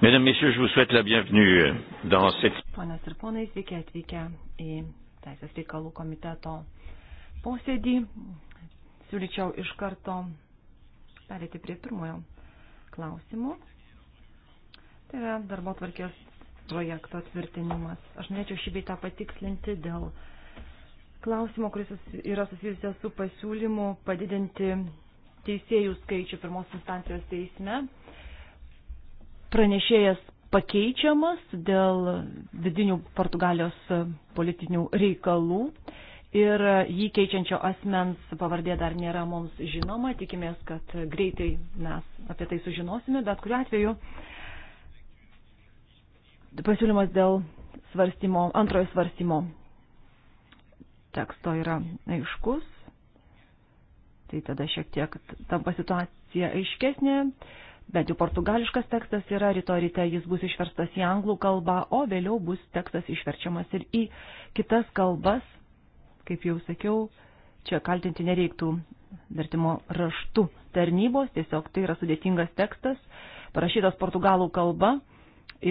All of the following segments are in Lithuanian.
Mesdames, Messieurs, je vous souhaite la bienvenue dans cette. Ponas ir ponai, sveiki atvykę į Teisės reikalų komiteto posėdį. Siūlyčiau iš karto perėti prie pirmojo klausimo. Tai yra darbo tvarkės projekto tvirtinimas. Aš norėčiau šį beitą patikslinti dėl klausimo, kuris yra susijusęs su pasiūlymu padidinti teisėjų skaičių pirmos instancijos teisme pranešėjas pakeičiamas dėl vidinių Portugalijos politinių reikalų ir jį keičiančio asmens pavardė dar nėra mums žinoma, tikimės, kad greitai mes apie tai sužinosime, bet kuriu atveju pasiūlymas dėl svarstymo, antrojo svarstymo teksto yra aiškus, tai tada šiek tiek tampa situacija aiškesnė bent jau portugališkas tekstas yra, rytoj ryte jis bus išverstas į anglų kalbą, o vėliau bus tekstas išverčiamas ir į kitas kalbas, kaip jau sakiau, čia kaltinti nereiktų vertimo raštų tarnybos, tiesiog tai yra sudėtingas tekstas, parašytas portugalų kalba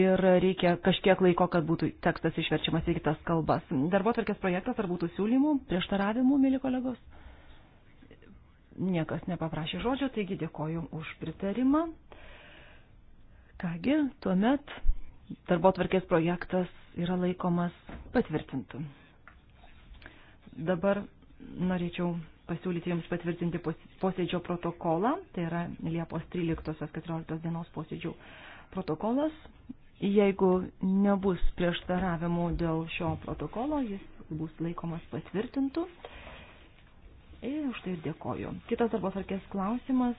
ir reikia kažkiek laiko, kad būtų tekstas išverčiamas į kitas kalbas. Darbo tvarkės projektas, ar būtų siūlymų, prieštaravimų, mėly kolegos? Niekas nepaprašė žodžio, taigi dėkoju už pritarimą. Kągi, tuomet darbo tvarkės projektas yra laikomas patvirtintų. Dabar norėčiau pasiūlyti Jums patvirtinti posėdžio protokolą, tai yra Liepos 13-14 dienos posėdžių protokolas. Jeigu nebus prieštaravimų dėl šio protokolo, jis bus laikomas patvirtintų. Ir e, už tai ir dėkoju. Kitas darbo tvarkės klausimas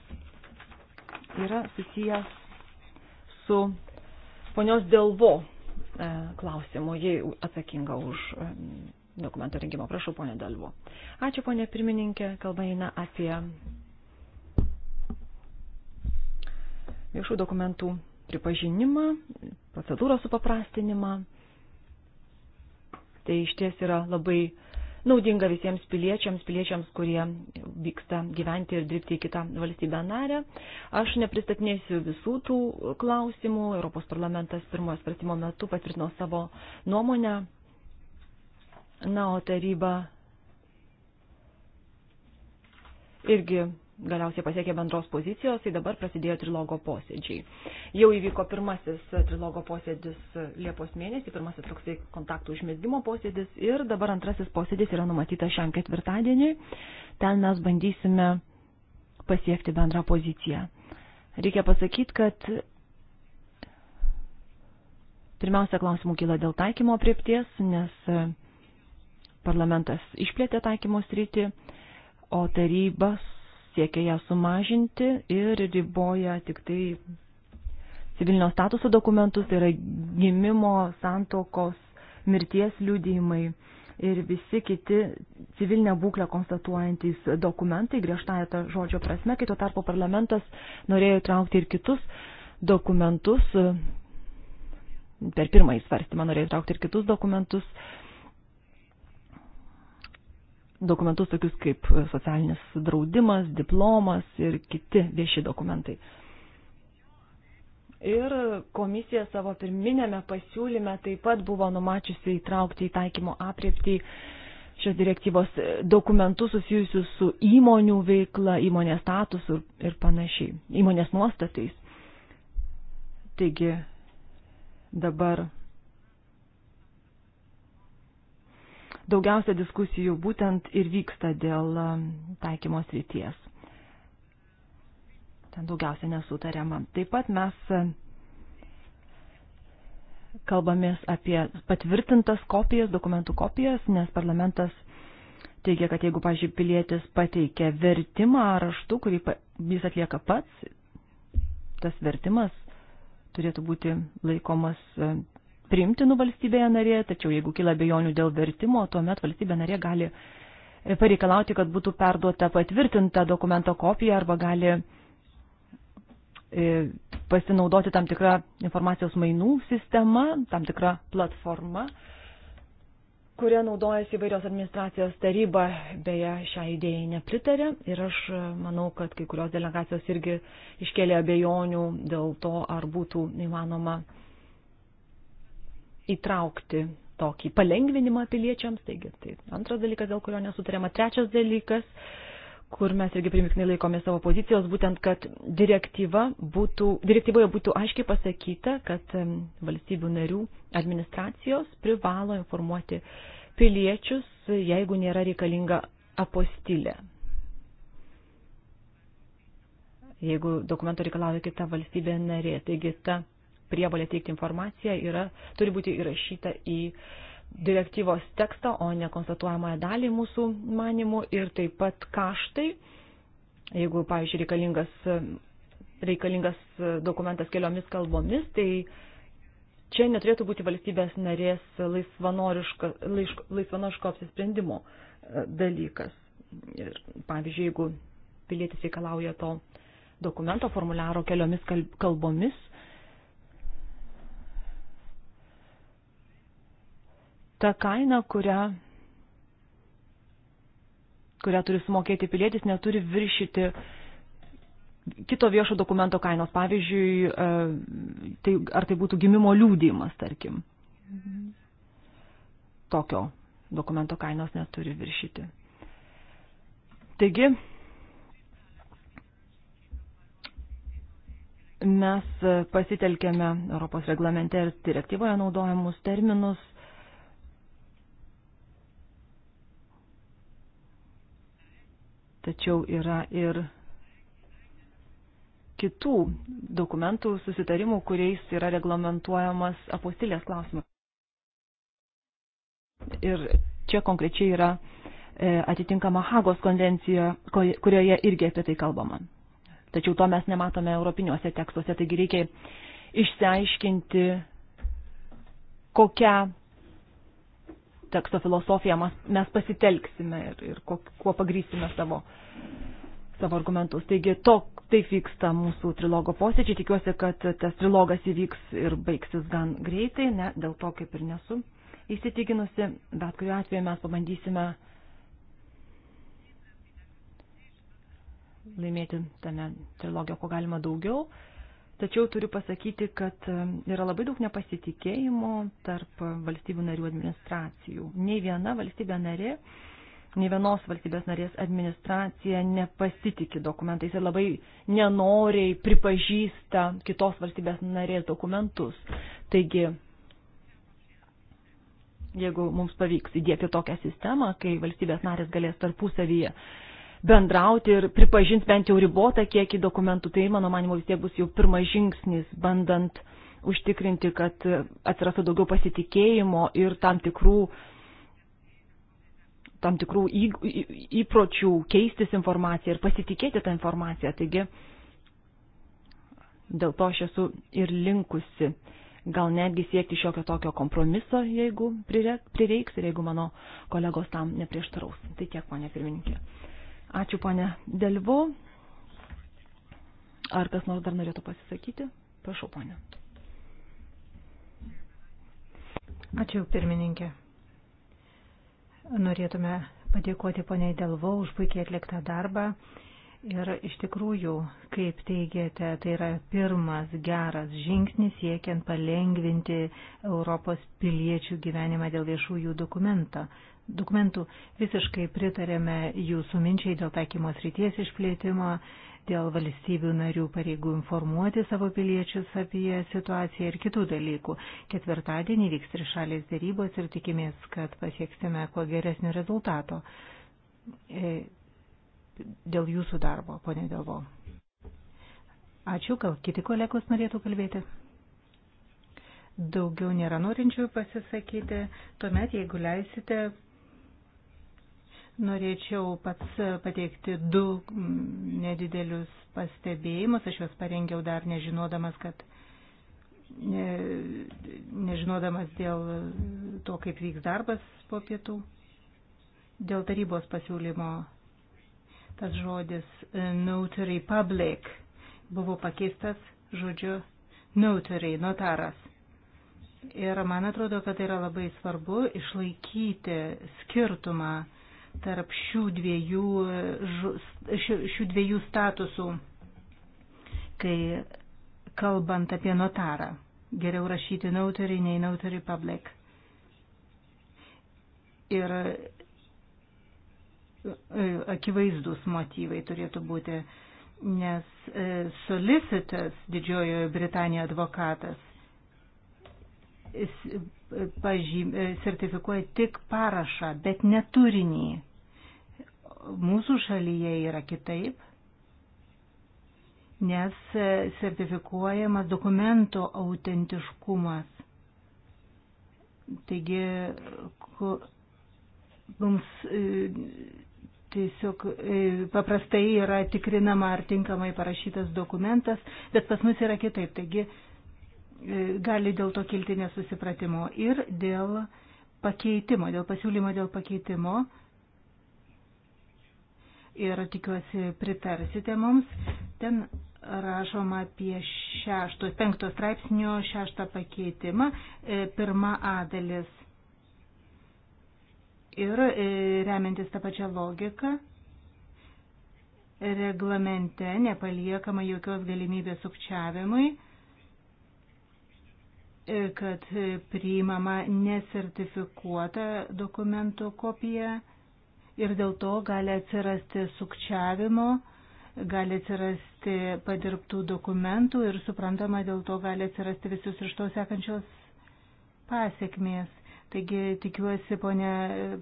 yra susijęs su ponios Delvo e, klausimu, jei atsakinga už e, dokumento rinkimą. Prašau, ponė Delvo. Ačiū, ponė pirmininkė. Kalba eina apie viešų dokumentų pripažinimą, procedūros supaprastinimą. Tai iš ties yra labai uh, naudinga visiems piliečiams, piliečiams, kurie vyksta gyventi ir dirbti į kitą valstybę narę. Aš nepristatinėsiu visų tų klausimų. Europos parlamentas pirmojo svarstymo metu patvirtino savo nuomonę. Na, o taryba irgi galiausiai pasiekė bendros pozicijos, tai dabar prasidėjo trilogo posėdžiai. Jau įvyko pirmasis trilogo posėdis Liepos mėnesį, pirmasis toksai kontaktų užmėgimo posėdis ir dabar antrasis posėdis yra numatytas šiam ketvirtadienį. Ten mes bandysime pasiekti bendrą poziciją. Reikia pasakyti, kad pirmiausia klausimų kyla dėl taikymo priepties, nes parlamentas išplėtė taikymo sritį, o tarybas siekia ją sumažinti ir riboja tik tai civilinio statuso dokumentus, tai yra gimimo, santokos, mirties liudijimai ir visi kiti civilinę būklę konstatuojantys dokumentai, griežtąją tą žodžio prasme, kai tuo tarpu parlamentas norėjo įtraukti ir kitus dokumentus, per pirmąjį svarstymą norėjo įtraukti ir kitus dokumentus, dokumentus tokius kaip socialinis draudimas, diplomas ir kiti vieši dokumentai. Ir komisija savo pirminėme pasiūlyme taip pat buvo numačiusi įtraukti į taikymo apriepti šios direktyvos dokumentus susijusius su įmonių veikla, įmonės statusu ir panašiai, įmonės nuostatais. Taigi dabar daugiausia diskusijų būtent ir vyksta dėl um, taikymo srities. Ten daugiausia nesutariama. Taip pat mes um, kalbamės apie patvirtintas kopijas, dokumentų kopijas, nes parlamentas teigia, kad jeigu, pažiūrėjau, pilietis pateikia vertimą raštu, kurį jis atlieka pats, tas vertimas turėtų būti laikomas um, primtinų valstybėje narėje, tačiau jeigu kila bejonių dėl vertimo, tuomet valstybė narė gali pareikalauti, kad būtų perduota patvirtinta dokumento kopija arba gali e, pasinaudoti tam tikrą informacijos mainų sistemą, tam tikrą platformą, kurią naudojasi įvairios administracijos taryba, beje, šią idėją nepritarė ir aš manau, kad kai kurios delegacijos irgi iškėlė abejonių dėl to, ar būtų įmanoma įtraukti tokį palengvinimą piliečiams. Taigi, tai antras dalykas, dėl kurio nesutarėma. Trečias dalykas, kur mes irgi primiknai laikomės savo pozicijos, būtent, kad direktyva būtų, direktyvoje būtų aiškiai pasakyta, kad valstybių narių administracijos privalo informuoti piliečius, jeigu nėra reikalinga apostilė. Jeigu dokumento reikalauja kita valstybė narė, taigi ta prievalė teikti informaciją yra, turi būti įrašyta į direktyvos tekstą, o ne konstatuojamąją dalį mūsų manimų ir taip pat kaštai, jeigu, pavyzdžiui, reikalingas, reikalingas dokumentas keliomis kalbomis, tai čia neturėtų būti valstybės narės laisvanoriško, laisvanoriško apsisprendimo e, dalykas. Ir, pavyzdžiui, jeigu pilietis reikalauja to dokumento formularo keliomis kalbomis, ta kaina, kurią, kurią turi sumokėti pilietis, neturi viršyti kito viešo dokumento kainos. Pavyzdžiui, e, tai, ar tai būtų gimimo liūdėjimas, tarkim. Tokio dokumento kainos neturi viršyti. Taigi, mes pasitelkėme Europos reglamente ir direktyvoje naudojamus terminus – tačiau yra ir kitų dokumentų, susitarimų, kuriais yra reglamentuojamas apostilės klausimas. Ir čia konkrečiai yra e, atitinkama Hagos konvencija, kurioje irgi apie tai kalbama. Tačiau to mes nematome europiniuose tekstuose, taigi reikia išsiaiškinti, kokią teksto filosofiją mes pasitelksime ir, ir kuo, kuo pagrysime savo, savo argumentus. Taigi to, taip vyksta mūsų trilogo posėdžiai. Tikiuosi, kad tas trilogas įvyks ir baigsis gan greitai, ne, dėl to kaip ir nesu įsitikinusi, bet kuriuo atveju mes pabandysime laimėti tame trilogio, ko galima daugiau. Tačiau turiu pasakyti, kad yra labai daug nepasitikėjimo tarp valstybių narių administracijų. Nei viena valstybė narė, nei vienos valstybės narės administracija nepasitikė dokumentais ir labai nenoriai pripažįsta kitos valstybės narės dokumentus. Taigi, jeigu mums pavyks įdėti tokią sistemą, kai valstybės narės galės tarpusavyje bendrauti ir pripažins bent jau ribotą kiekį dokumentų, tai mano manimo vis tiek bus jau pirmas žingsnis, bandant užtikrinti, kad atsirastų daugiau pasitikėjimo ir tam tikrų, tam tikrų į, į, įpročių keistis informaciją ir pasitikėti tą informaciją. Taigi dėl to aš esu ir linkusi gal netgi siekti šiokio tokio kompromiso, jeigu prireiks ir jeigu mano kolegos tam neprieštaraus. Tai tiek, ponė pirmininkė. Ačiū, ponė Delvo. Ar kas nors dar norėtų pasisakyti? Prašau, ponė. Ačiū, pirmininkė. Norėtume padėkoti poniai Delvo už puikiai atliktą darbą. Ir iš tikrųjų, kaip teigiate, tai yra pirmas geras žingsnis siekiant palengvinti Europos piliečių gyvenimą dėl viešųjų dokumentų dokumentų. Visiškai pritarėme jūsų minčiai dėl taikymos ryties išplėtimo, dėl valstybių narių pareigų informuoti savo piliečius apie situaciją ir kitų dalykų. Ketvirtadienį vyks trišalės dėrybos ir tikimės, kad pasieksime kuo geresnio rezultato e, dėl jūsų darbo, ponė Dėlvo. Ačiū, gal kiti kolegos norėtų kalbėti. Daugiau nėra norinčių pasisakyti. Tuomet, jeigu leisite, Norėčiau pats pateikti du mm, nedidelius pastebėjimus. Aš juos parengiau dar nežinodamas, kad ne, nežinodamas dėl to, kaip vyks darbas po pietų. Dėl tarybos pasiūlymo tas žodis e, notary public buvo pakeistas žodžiu notary, notaras. Ir man atrodo, kad tai yra labai svarbu išlaikyti skirtumą tarp šių dviejų, šių dviejų statusų, kai kalbant apie notarą. Geriau rašyti notary nei notary public. Ir e, akivaizdus motyvai turėtų būti, nes e, solicitas Didžiojoje Britanijoje advokatas e, pažym, sertifikuoja tik parašą, bet neturinį mūsų šalyje yra kitaip, nes sertifikuojamas dokumento autentiškumas. Taigi, ku, mums e, tiesiog e, paprastai yra tikrinama, ar tinkamai parašytas dokumentas, bet pas mus yra kitaip. Taigi, e, gali dėl to kilti nesusipratimo ir dėl pakeitimo, dėl pasiūlymo dėl pakeitimo ir tikiuosi pritarsite mums. Ten rašoma apie šešto, penkto straipsnio šeštą pakeitimą, e, pirmą adalis. Ir e, remiantis tą pačią logiką, reglamente nepaliekama jokios galimybės sukčiavimui e, kad priimama nesertifikuota dokumentų kopija ir dėl to gali atsirasti sukčiavimo, gali atsirasti padirbtų dokumentų ir suprantama, dėl to gali atsirasti visus iš to sekančios pasiekmės. Taigi tikiuosi, ponė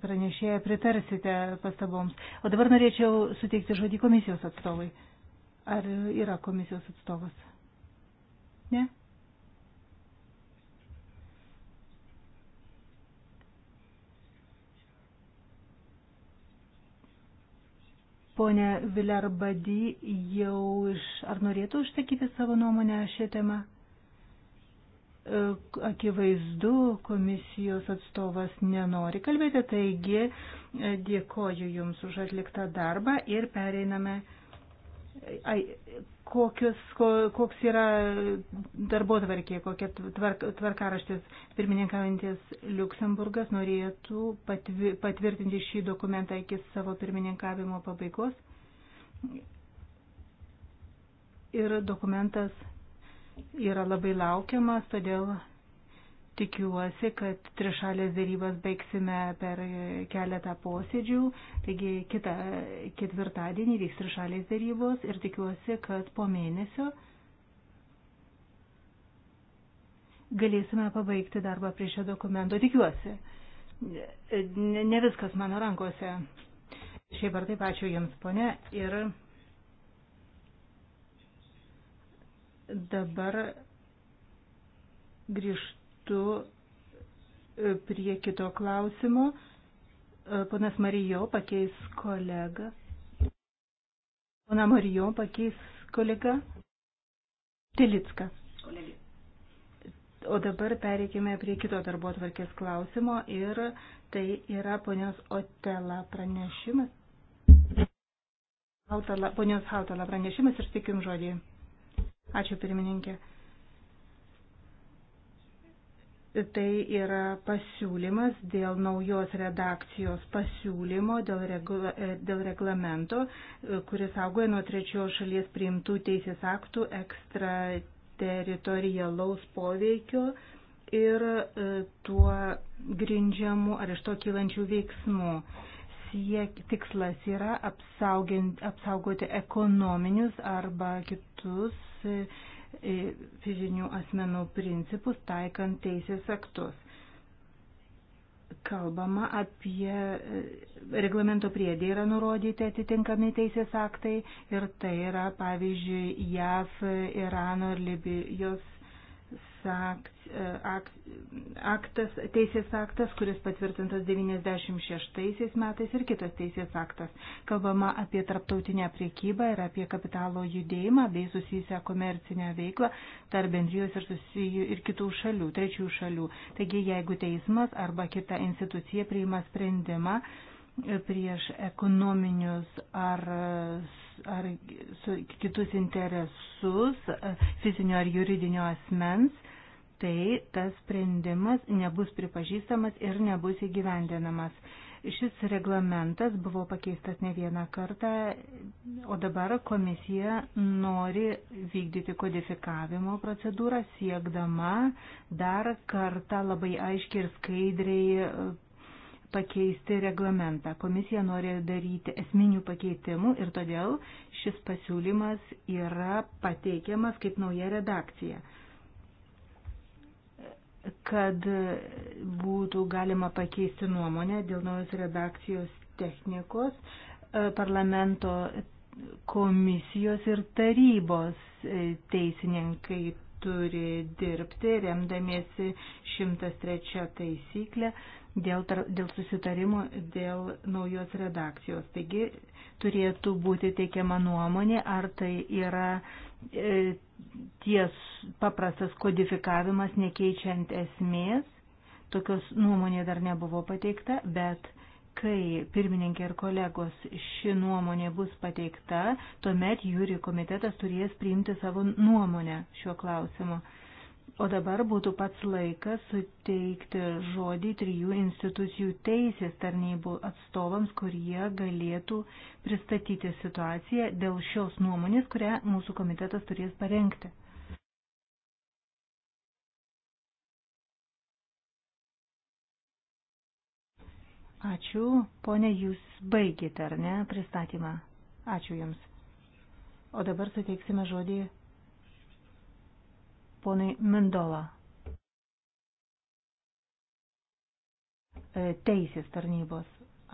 pranešėja, pritarsite pastaboms. O dabar norėčiau suteikti žodį komisijos atstovai. Ar yra komisijos atstovas? Ne? Pone Vilarbadi, jau iš, ar norėtų užsakyti savo nuomonę šią temą? E, akivaizdu, komisijos atstovas nenori kalbėti, taigi e, dėkoju Jums už atliktą darbą ir pereiname. Ai, kokius, ko, koks yra darbo tvarkė, kokia tvark, tvarkaraštis pirmininkaujantis Luksemburgas norėtų patvi, patvirtinti šį dokumentą iki savo pirmininkavimo pabaigos. Ir dokumentas yra labai laukiamas, todėl Tikiuosi, kad trišalės dėrybas baigsime per keletą posėdžių, taigi kitą ketvirtadienį vyks trišalės dėrybos ir tikiuosi, kad po mėnesio galėsime pabaigti darbą prie šio dokumento. Tikiuosi, ne viskas mano rankose. Šiaip ar taip ačiū Jums, ponė. Ir dabar grįžtu metu e, prie kito klausimo. E, ponas Marijo pakeis kolegą. Pona Marijo pakeis kolega Tilicka. O dabar pereikime prie kito darbo atvarkės klausimo ir tai yra ponios Otela pranešimas. Hautala, ponios Hautala pranešimas ir tikim žodį. Ačiū pirmininkė. Tai yra pasiūlymas dėl naujos redakcijos pasiūlymo, dėl, regla, e, dėl reglamento, e, kuris saugoja nuo trečios šalies priimtų teisės aktų ekstrateritorialaus poveikio ir e, tuo grindžiamų ar iš to kylančių veiksmų. Siek, tikslas yra apsaugoti ekonominius arba kitus fizinių asmenų principus taikant teisės aktus. Kalbama apie e, reglamento priedį yra nurodyti atitinkami teisės aktai ir tai yra pavyzdžiui JAV, Irano ir Libijos ak, e, ak, aktas, teisės aktas, kuris patvirtintas 96 metais ir kitas teisės aktas. Kalbama apie tarptautinę priekybą ir apie kapitalo judėjimą bei susijusią komercinę veiklą tarp bendrijos ir, susijų, ir kitų šalių, trečių šalių. Taigi, jeigu teismas arba kita institucija priima sprendimą, e, prieš ekonominius ar, ar kitus interesus e, fizinio ar juridinio asmens, tai tas sprendimas nebus pripažįstamas ir nebus įgyvendinamas. Šis reglamentas buvo pakeistas ne vieną kartą, o dabar komisija nori vykdyti kodifikavimo procedūrą, siekdama dar kartą labai aiškiai ir skaidriai e, pakeisti reglamentą. Komisija nori daryti esminių pakeitimų ir todėl šis pasiūlymas yra pateikiamas kaip nauja redakcija kad būtų galima pakeisti nuomonę dėl naujos redakcijos technikos e, parlamento komisijos ir tarybos e, teisininkai turi dirbti, remdamiesi 103 taisyklę dėl, dėl susitarimo dėl naujos redakcijos. Taigi turėtų būti teikiama nuomonė, ar tai yra e, ties paprastas kodifikavimas nekeičiant esmės. Tokios nuomonė dar nebuvo pateikta, bet kai pirmininkė ir kolegos ši nuomonė bus pateikta, tuomet jūri komitetas turės priimti savo nuomonę šiuo klausimu. O dabar būtų pats laikas suteikti žodį trijų institucijų teisės tarnybų atstovams, kurie galėtų pristatyti situaciją dėl šios nuomonės, kurią mūsų komitetas turės parengti. Ačiū, ponė, jūs baigėte, ar ne, pristatymą. Ačiū Jums. O dabar suteiksime žodį ponui Mendola. E, teisės tarnybos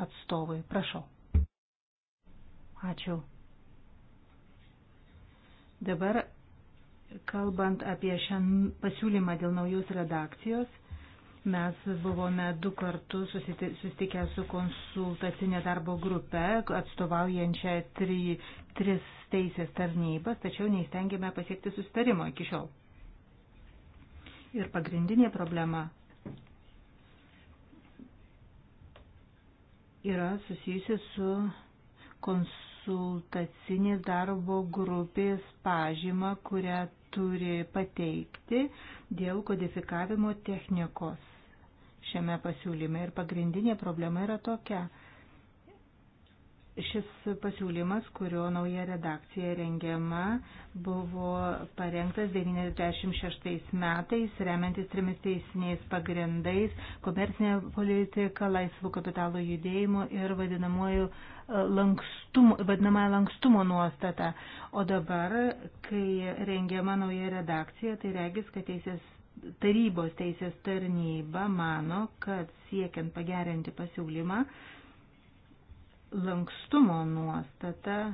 atstovui, prašau. Ačiū. Dabar, kalbant apie šią pasiūlymą dėl naujos redakcijos, mes buvome du kartus susitikę su konsultacinė darbo grupe, atstovaujančia tri, tris teisės tarnybas, tačiau neįstengėme pasiekti sustarimo iki šiol. Ir pagrindinė problema yra susijusi su konsultacinės darbo grupės pažyma, kurią turi pateikti dėl kodifikavimo technikos šiame pasiūlyme. Ir pagrindinė problema yra tokia – Šis pasiūlymas, kurio nauja redakcija rengiama, buvo parengtas 1996 metais, remiantis trimis teisiniais pagrindais - komercinė politika, laisvų kapitalų judėjimo ir vadinamuoju e, lankstumo, vadinamąją lankstumo nuostatą. O dabar, kai rengiama nauja redakcija, tai regis, kad teisės tarybos teisės tarnyba mano, kad siekiant pagerinti pasiūlymą, lankstumo nuostata,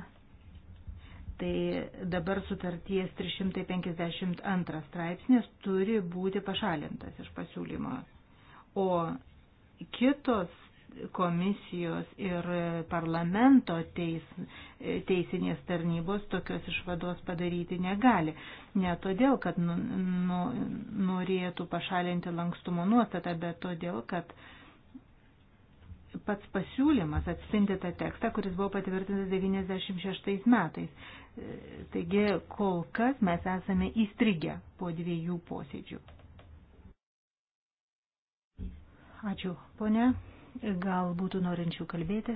tai dabar sutarties 352 straipsnės turi būti pašalintas iš pasiūlymo. O kitos komisijos ir parlamento teis, teisinės tarnybos tokios išvados padaryti negali. Ne todėl, kad nu, nu, norėtų pašalinti lankstumo nuostatą, bet todėl, kad uh, pats pasiūlymas atspindi tą tekstą, kuris buvo patvirtintas 96 metais. E, taigi kol kas mes esame įstrigę po dviejų posėdžių. Ačiū, ponė. Gal būtų norinčių kalbėti?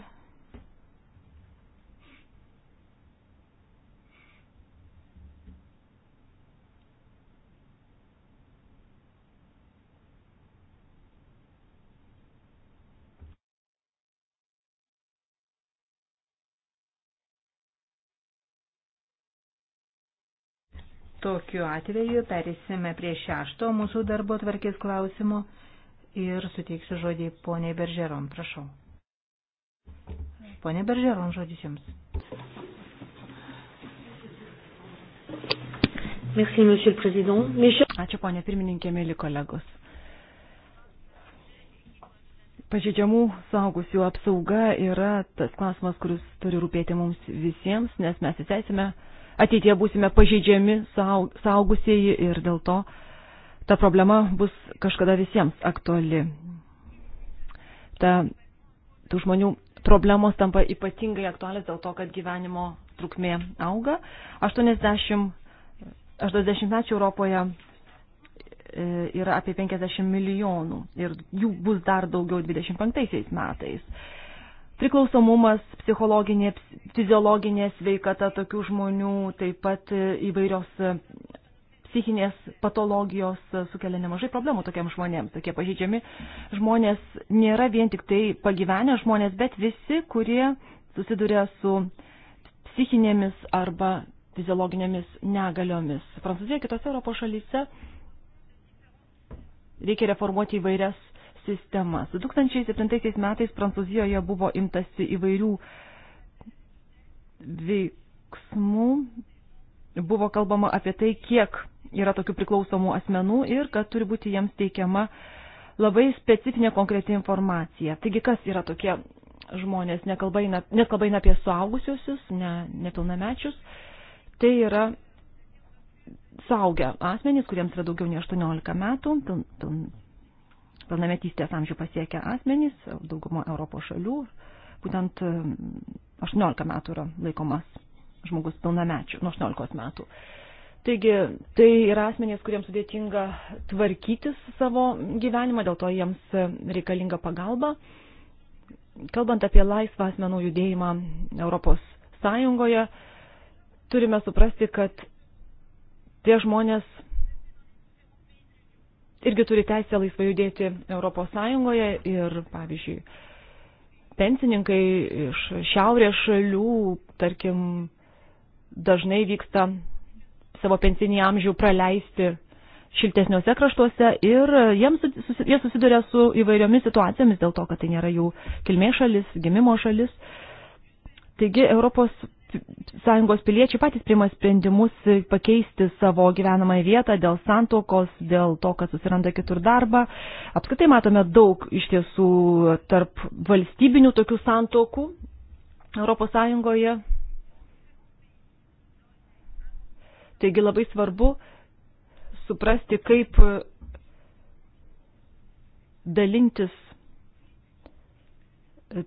Tokiu atveju perėsime prie šešto mūsų darbo tvarkės klausimo ir suteiksiu žodį poniai Beržeron, prašau. Pone Beržeron, žodis jums. Merci, monsieur le président. Ačiū, ponė pirmininkė, mėly kolegos. Pažeidžiamų saugusių apsauga yra tas klausimas, kuris turi rūpėti mums visiems, nes mes įteisime. Įsėsime ateitie būsime pažeidžiami saugusieji ir dėl to ta problema bus kažkada visiems aktuali. Ta, tų žmonių problemos tampa ypatingai aktualios dėl to, kad gyvenimo trukmė auga. 80, 80 mečių Europoje e, yra apie 50 milijonų ir jų bus dar daugiau 25 metais priklausomumas, psichologinė, fiziologinė sveikata tokių žmonių, taip pat įvairios e, psichinės patologijos e, sukelia nemažai problemų tokiam žmonėms. Tokie pažydžiami žmonės nėra vien tik tai pagyvenę žmonės, bet visi, kurie susiduria su psichinėmis arba fiziologinėmis negaliomis. Prancūzija kitose Europos šalyse reikia reformuoti įvairias sistemas. 2007 metais Prancūzijoje buvo imtasi įvairių veiksmų, buvo kalbama apie tai, kiek yra tokių priklausomų asmenų ir kad turi būti jiems teikiama labai specifinė konkreti informacija. Taigi, kas yra tokie žmonės, nes kalba eina apie suaugusiusius, ne, nepilnamečius, tai yra suaugę asmenys, kuriems yra daugiau nei 18 metų, pil, pil, pilnametystės amžių pasiekę asmenys, daugumo Europos šalių, būtent 18 mm, metų yra laikomas žmogus pilnamečių, nuo 18 metų. Taigi, tai yra asmenys, kuriems sudėtinga tvarkytis savo gyvenimą, dėl to jiems reikalinga pagalba. Kalbant apie laisvą asmenų judėjimą Europos Sąjungoje, turime suprasti, kad tie žmonės irgi turi teisę laisvai judėti Europos Sąjungoje ir, pavyzdžiui, pensininkai iš šiaurės šalių, tarkim, dažnai vyksta savo pensinį amžių praleisti šiltesniuose kraštuose ir jiems, jie susiduria su įvairiomis situacijomis dėl to, kad tai nėra jų kilmės šalis, gimimo šalis. Taigi Europos sąjungos piliečiai patys priima sprendimus pakeisti savo gyvenamąją vietą dėl santokos, dėl to, kad susiranda kitur darbą. Apskritai matome daug iš tiesų tarp valstybinių tokių santokų Europos Sąjungoje. Taigi labai svarbu suprasti, kaip dalintis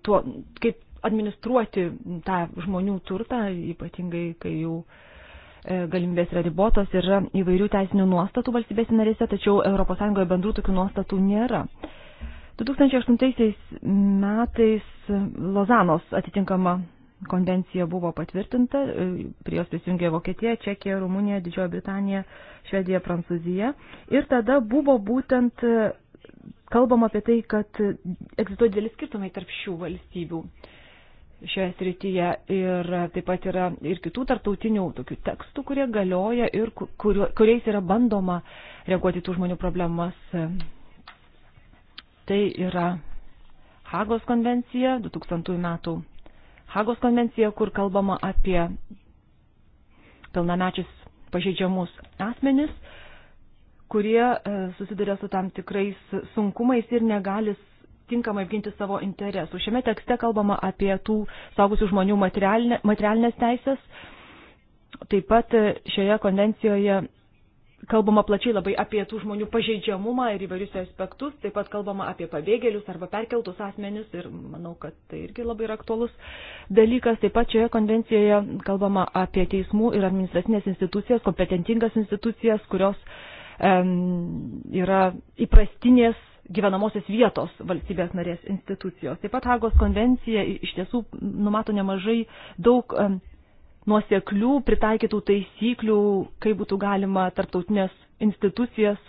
tuo, kaip administruoti tą žmonių turtą, ypatingai kai jų e, galimybės yra ribotos, yra įvairių teisinių nuostatų valstybės narėse, tačiau ES bendrų tokių nuostatų nėra. 2008 metais Lozanos atitinkama konvencija buvo patvirtinta, e, prie jos prisijungė Vokietija, Čekija, Rumunija, Didžioji Britanija, Švedija, Prancūzija. Ir tada buvo būtent e, kalbama apie tai, kad egzistuoja didelis skirtumai tarp šių valstybių. Uh, šioje srityje ir taip pat yra ir kitų tarptautinių tokių tekstų, kurie galioja ir kurio, kuriais yra bandoma reaguoti tų žmonių problemas. Tai yra Hagos konvencija, 2000 metų Hagos konvencija, kur kalbama apie pilnamečius pažeidžiamus asmenis, kurie e, susiduria su tam tikrais sunkumais ir negalis tinkamai apginti savo interesų. Šiame tekste kalbama apie tų saugusių žmonių materialinė, materialinės teisės. Taip pat šioje konvencijoje kalbama plačiai labai apie tų žmonių pažeidžiamumą ir įvairius aspektus, taip pat kalbama apie pabėgėlius arba perkeltus asmenis ir manau, kad tai irgi labai yra aktuolus dalykas. Taip pat šioje konvencijoje kalbama apie teismų ir administracinės institucijas, kompetentingas institucijas, kurios um, yra įprastinės gyvenamosios vietos valstybės narės institucijos. Taip pat Hagos konvencija iš tiesų numato nemažai daug nuoseklių pritaikytų taisyklių, kaip būtų galima tarptautinės institucijas,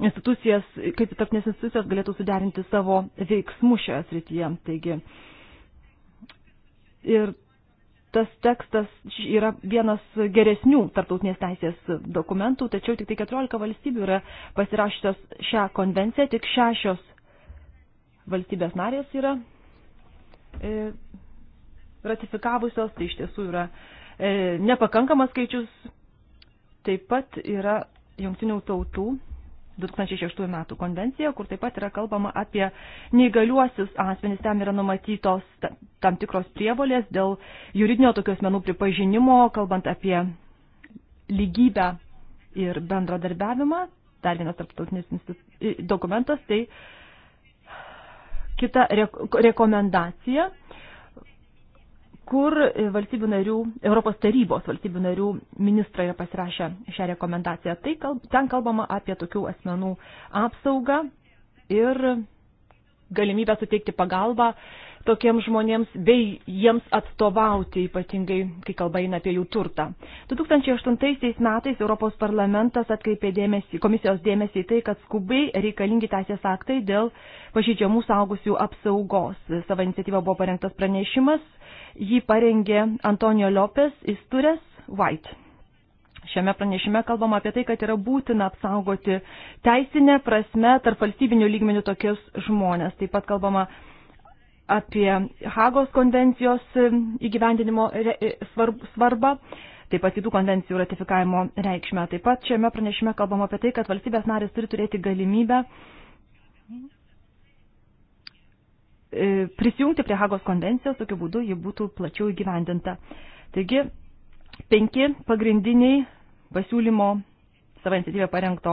institucijas, kaip tarptautinės institucijos galėtų suderinti savo veiksmų šioje srityje. Taigi, ir tas tekstas yra vienas geresnių tarptautinės teisės dokumentų, tačiau tik tai 14 valstybių yra pasirašytos šią konvenciją, tik šešios valstybės narės yra e, ratifikavusios, tai iš tiesų yra e, nepakankamas skaičius. Taip pat yra jungtinių tautų 2006 metų konvenciją, kur taip pat yra kalbama apie neįgaliuosius asmenys, ten yra numatytos tam tikros prievolės dėl juridinio tokios menų pripažinimo, kalbant apie lygybę ir bendradarbiavimą, dar vienas tarptautinis dokumentas, tai kita re rekomendacija kur e, valstybių narių, Europos tarybos valstybių narių ministrai yra pasirašę šią rekomendaciją. Tai kalb, ten kalbama apie tokių asmenų apsaugą ir galimybę suteikti pagalbą tokiems žmonėms bei jiems atstovauti, ypatingai, kai kalba eina apie jų turtą. 2008 metais Europos parlamentas atkreipė dėmesį, komisijos dėmesį į tai, kad skubiai reikalingi teisės aktai dėl pažydžiamų saugusių apsaugos. Savo iniciatyvą buvo parengtas pranešimas Jį parengė Antonio Lopes Istures White. Šiame pranešime kalbama apie tai, kad yra būtina apsaugoti teisinę prasme tarp valstybinių lygmenių tokius žmonės. Taip pat kalbama apie Hagos konvencijos e, įgyvendinimo e, svarbą, taip pat kitų konvencijų ratifikavimo reikšmę. Taip pat šiame pranešime kalbama apie tai, kad valstybės narės turi turėti galimybę uh, E, prisijungti prie Hagos konvencijos, tokiu būdu ji būtų plačiau įgyvendinta. Taigi, penki pagrindiniai pasiūlymo, savo iniciatyvę parengto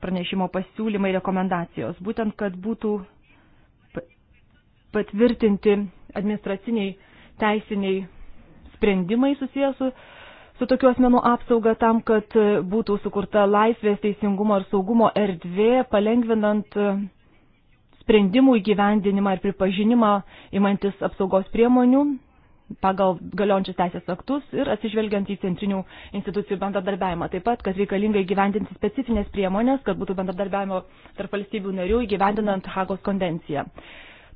pranešimo pasiūlymai rekomendacijos, būtent kad būtų patvirtinti administraciniai teisiniai sprendimai susijęs su, su tokiu asmenų apsauga tam, kad būtų sukurta laisvės, teisingumo ir saugumo erdvė, palengvinant sprendimų įgyvendinimą ir pripažinimą imantis apsaugos priemonių pagal galiojančius teisės aktus ir atsižvelgiant į centrinių institucijų bendradarbiavimą. Taip pat, kad reikalinga įgyvendinti specifines priemonės, kad būtų bendradarbiavimo tarp valstybių narių įgyvendinant Hagos konvenciją.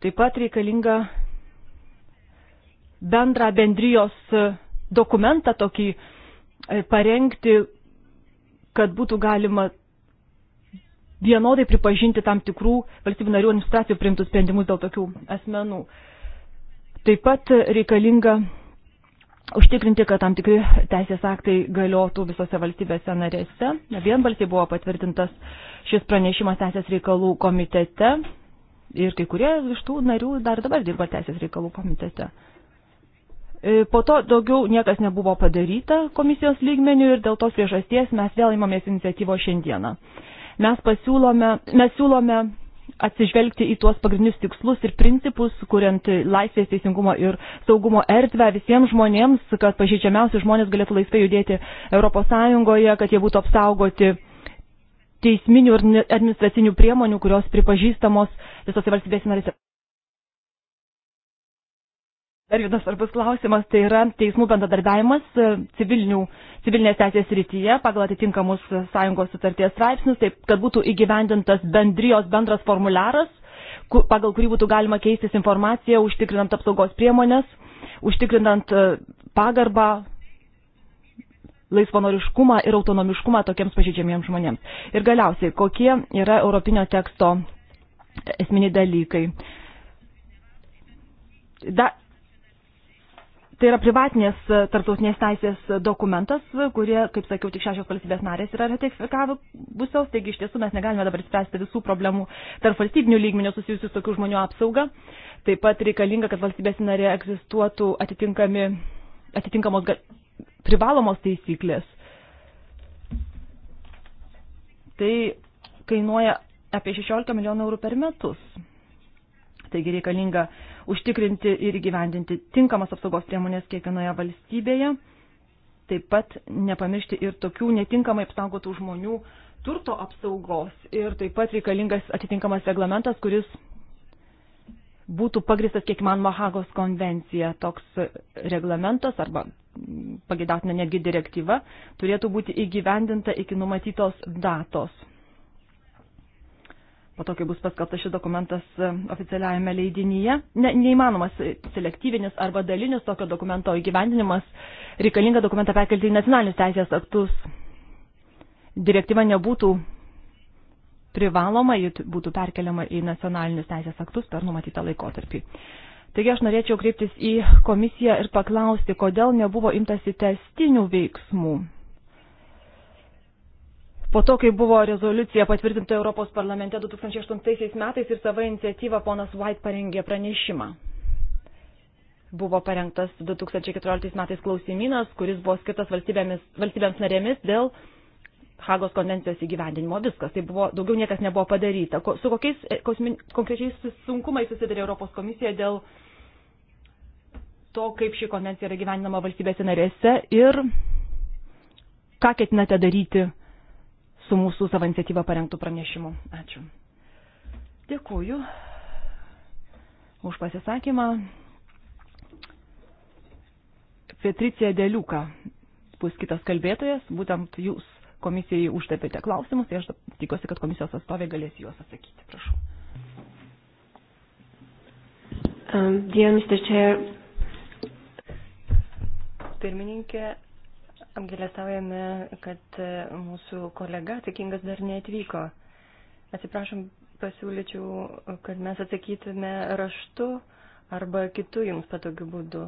Taip pat reikalinga bendrą bendrijos dokumentą tokį e, parengti, kad būtų galima vienodai pripažinti tam tikrų valstybių narių administracijų priimtus sprendimus dėl tokių asmenų. Taip pat reikalinga užtikrinti, kad tam tikri teisės aktai galiotų visose valstybėse narėse. Vienbalsiai buvo patvirtintas šis pranešimas teisės reikalų komitete ir kai kurie iš tų narių dar dabar dirba teisės reikalų komitete. E, po to daugiau niekas nebuvo padaryta komisijos lygmenių ir dėl tos priežasties mes vėl imamės iniciatyvo šiandieną. Mes, pasiūlome, mes siūlome atsižvelgti į tuos pagrindinius tikslus ir principus, kuriant laisvės teisingumo ir saugumo erdvę visiems žmonėms, kad pažeidžiamiausi žmonės galėtų laisvai judėti ES, kad jie būtų apsaugoti teisminių ir administracinių priemonių, kurios pripažįstamos visose valstybės narėse. Dar vienas svarbus klausimas tai yra teismų bendradarbiavimas e, civilinės teisės rytyje pagal atitinkamus sąjungos sutarties straipsnius, taip kad būtų įgyvendintas bendrijos bendras formularas, pagal kurį būtų galima keistis informaciją, užtikrinant apsaugos priemonės, užtikrinant e, pagarbą, laisvanoriškumą ir autonomiškumą tokiems pažydžiamiems žmonėms. Ir galiausiai, kokie yra europinio teksto esminiai dalykai. Da, Tai yra privatinės e, tarptautinės teisės dokumentas, kurie, kaip sakiau, tik šešios valstybės narės yra ratifikavusios, taigi iš tiesų mes negalime dabar spręsti visų problemų tarp valstybinių lygmenių susijusių su tokių žmonių apsauga. Taip pat reikalinga, kad valstybės narė egzistuotų atitinkamos privalomos taisyklės. Tai kainuoja apie 16 milijonų eurų per metus. Taigi reikalinga uh, užtikrinti ir įgyvendinti tinkamas apsaugos priemonės kiekvienoje valstybėje. Taip pat nepamiršti ir tokių netinkamai apsaugotų žmonių turto apsaugos. Ir taip pat reikalingas atitinkamas reglamentas, kuris būtų pagristas kiek man Mahagos konvencija. Toks reglamentas arba pagėdatina netgi direktyva turėtų būti įgyvendinta iki numatytos datos po to, kai bus paskaltas šis dokumentas e, oficialiajame leidinyje. Ne, neįmanomas selektyvinis arba dalinis tokio dokumento įgyvendinimas reikalinga dokumentą perkelti į nacionalinius teisės aktus. Direktyva nebūtų privaloma, ji būtų perkeliama į nacionalinius teisės aktus per numatytą laikotarpį. Taigi aš norėčiau kreiptis į komisiją ir paklausti, kodėl nebuvo imtasi testinių veiksmų po to, kai buvo rezoliucija patvirtinta Europos parlamente 2008 metais ir savo iniciatyvą ponas White parengė pranešimą. Buvo parengtas 2014 metais klausimynas, kuris buvo skirtas valstybėms, valstybėms narėmis dėl Hagos konvencijos įgyvendinimo. Viskas, tai buvo, daugiau niekas nebuvo padaryta. Ko, su kokiais e, kosmin, konkrečiais sunkumais susidarė Europos komisija dėl to, kaip ši konvencija yra gyvendinama valstybėse narėse ir ką ketinate daryti su mūsų savo iniciatyvą parengtų pranešimu. Ačiū. Dėkuoju už pasisakymą. Petricija Deliuka bus kitas kalbėtojas, būtent jūs komisijai užtepėte klausimus, tai aš tikiuosi, kad komisijos atstovė galės juos atsakyti. Prašau. Um, dear Mr. Chair. Pirmininkė, Apgėlėstaujame, kad e, mūsų kolega atsakingas dar neatvyko. Atsiprašom, pasiūlyčiau, kad mes atsakytume raštu arba kitų jums patogių būdų.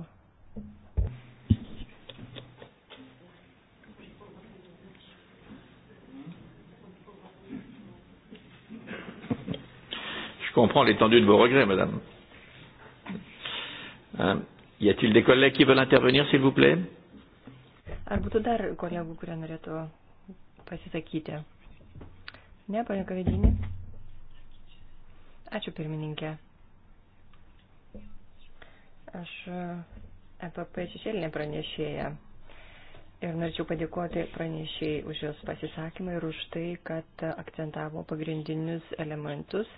Je comprends l'étendue de vos regrets, madame. Euh, y a-t-il des collègues qui veulent intervenir, s'il vous plaît? Ar būtų dar kolegų, kurie norėtų pasisakyti? Ne, ponia Kavedinė. Ačiū pirmininkė. Aš EPP šešėlinė pranešėja ir norėčiau padėkoti pranešėjai už jos pasisakymą ir už tai, kad akcentavo pagrindinius elementus,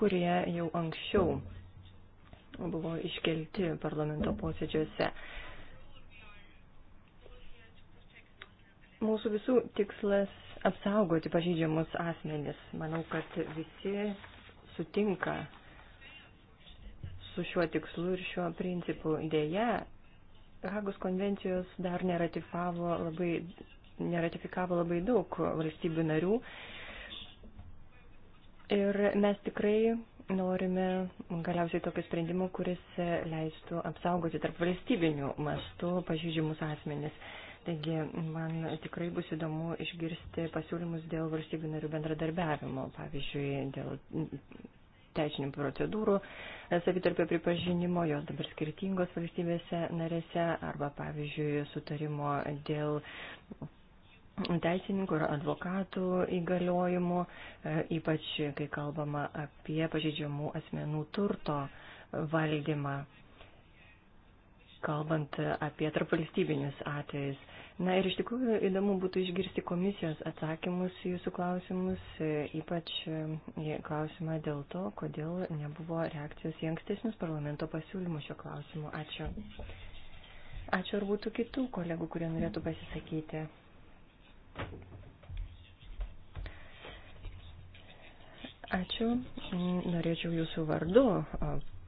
kurie jau anksčiau buvo iškelti parlamento posėdžiuose. Mūsų visų tikslas apsaugoti pažydžiamus asmenis. Manau, kad visi sutinka su šiuo tikslu ir šiuo principu. Dėja, Hagos konvencijos dar neratifikavo labai, neratifikavo labai daug valstybių narių. Ir mes tikrai norime galiausiai tokio sprendimo, kuris leistų apsaugoti tarp valstybinių mastų pažydžiamus asmenis. Taigi, man tikrai bus įdomu išgirsti pasiūlymus dėl valstybių narių bendradarbiavimo, pavyzdžiui, dėl teisinių procedūrų savitarpio pripažinimo, jos dabar skirtingos valstybėse narėse, arba, pavyzdžiui, sutarimo dėl teisininkų ir advokatų įgaliojimų, e, ypač kai kalbama apie pažeidžiamų asmenų turto valdymą kalbant apie tarpvalstybinius atvejus. Na ir iš tikrųjų įdomu būtų išgirsti komisijos atsakymus į jūsų klausimus, ypač klausimą dėl to, kodėl nebuvo reakcijos į ankstesnius parlamento pasiūlymus šio klausimu. Ačiū. Ačiū ar būtų kitų kolegų, kurie norėtų pasisakyti. Ačiū. Norėčiau jūsų vardu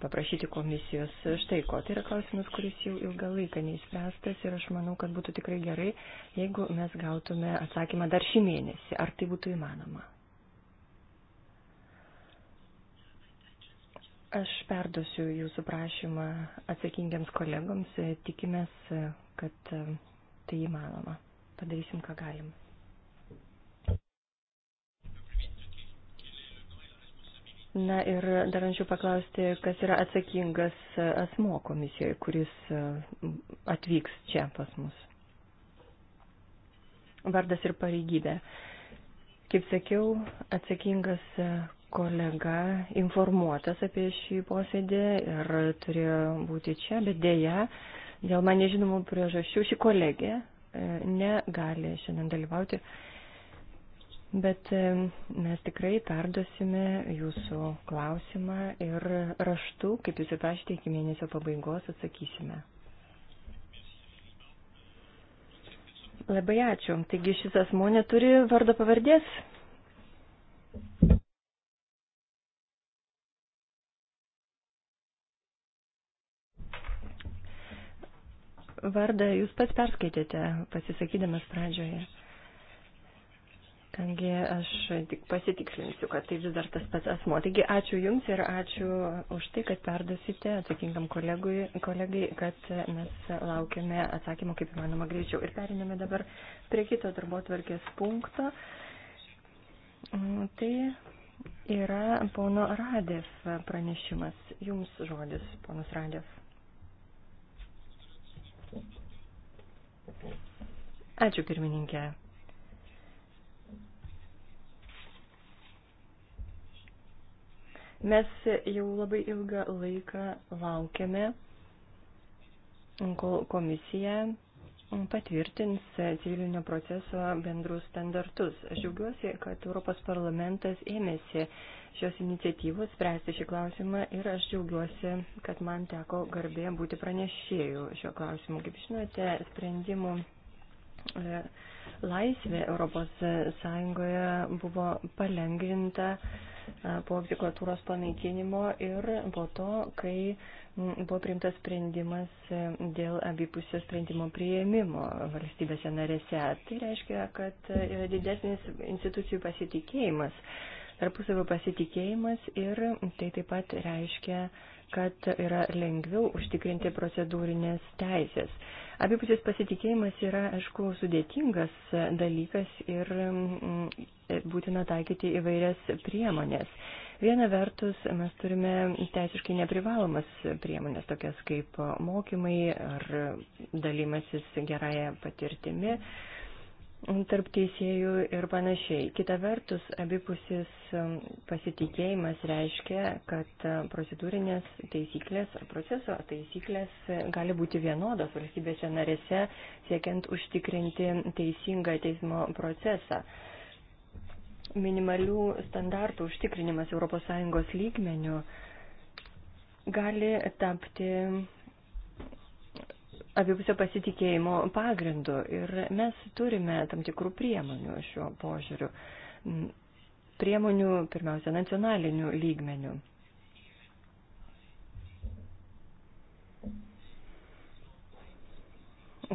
paprašyti komisijos štai ko. Tai yra klausimas, kuris jau ilgą laiką neįspręstas ir aš manau, kad būtų tikrai gerai, jeigu mes gautume atsakymą dar šį mėnesį. Ar tai būtų įmanoma? Aš perduosiu jūsų prašymą atsakingiams kolegoms. Tikimės, kad e, tai įmanoma. Padarysim, ką galim. Na ir dar anksčiau paklausti, kas yra atsakingas asmo komisijoje, kuris atvyks čia pas mus. Vardas ir pareigybė. Kaip sakiau, atsakingas kolega informuotas apie šį posėdį ir turėjo būti čia, bet dėja, dėl man nežinomų priežasčių ši kolegė e, negali šiandien dalyvauti. Bet e, mes tikrai perdosime jūsų klausimą ir raštu, kaip jūs įprašėte, iki mėnesio pabaigos atsakysime. Labai ačiū. Taigi šis asmo neturi vardo pavardės? Vardą jūs pats perskaitėte, pasisakydamas pradžioje. Tangi aš tik pasitikslinsiu, kad tai vis dar tas pats asmo. Taigi ačiū Jums ir ačiū už tai, kad perdusite atsakingam kolegui, kolegai, kad mes laukiame atsakymo kaip įmanoma greičiau. Ir periname dabar prie kito darbo tvarkės punkto. Mm, tai yra pono Radėv pranešimas. Jums žodis, ponas Radėv. Ačiū pirmininkė. Mes jau labai ilgą laiką laukiame, kol komisija patvirtins civilinio proceso bendrus standartus. Aš džiaugiuosi, kad Europos parlamentas ėmėsi šios iniciatyvos spręsti šį klausimą ir aš džiaugiuosi, kad man teko garbė būti pranešėjų šio klausimu. Kaip žinote, sprendimų e, laisvė Europos Sąjungoje buvo palengvinta po abdikatūros panaikinimo ir po to, kai buvo priimtas sprendimas e, dėl abipusio sprendimo prieimimo valstybėse narėse. Tai reiškia, kad e, yra didesnis institucijų pasitikėjimas, tarpusavio pasitikėjimas ir tai taip pat reiškia kad yra lengviau užtikrinti procedūrinės teisės. Abipusis pasitikėjimas yra, aišku, sudėtingas dalykas ir mm, e, būtina taikyti įvairias priemonės. Viena vertus, mes turime teisiškai neprivalomas priemonės, tokias kaip mokymai ar dalymasis gerąją patirtimi. Mhm tarp teisėjų ir panašiai. Kita vertus, abipusis um, pasitikėjimas reiškia, kad uh, procedūrinės taisyklės ar proceso taisyklės uh, gali būti vienodos valstybėse narėse, siekiant užtikrinti teisingą teismo procesą. Minimalių standartų užtikrinimas ES lygmenių gali tapti abipusio pasitikėjimo pagrindu ir mes turime tam tikrų priemonių šiuo požiūriu. Mm, priemonių pirmiausia nacionalinių lygmenių.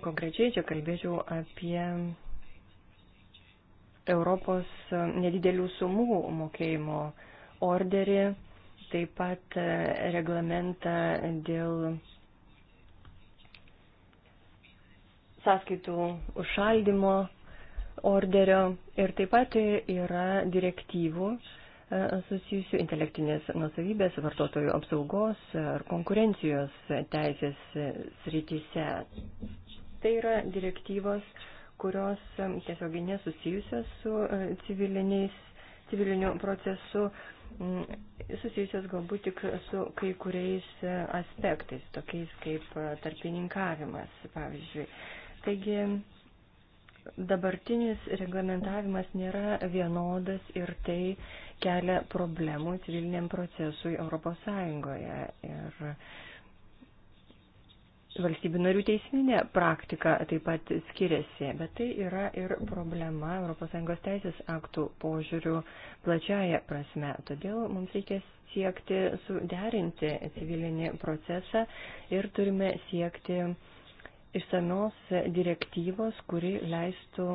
Konkrečiai čia kalbėčiau apie Europos nedidelių sumų mokėjimo orderį, taip pat reglamentą dėl sąskaitų užšaldimo orderio ir taip pat yra direktyvų e, susijusių intelektinės nusavybės, vartotojų apsaugos ar konkurencijos teisės srityse. Tai yra direktyvos, kurios e, tiesiog nesusijusios su e, civiliniu procesu, susijusios galbūt tik su kai kuriais aspektais, tokiais kaip tarpininkavimas, pavyzdžiui. Taigi dabartinis reglamentavimas nėra vienodas ir tai kelia problemų civiliniam procesui ES. Ir valstybių narių teisminė praktika taip pat skiriasi, bet tai yra ir problema ES teisės aktų požiūrių plačiaja prasme. Todėl mums reikės siekti suderinti civilinį procesą ir turime siekti uh, išsamios direktyvos, kuri leistų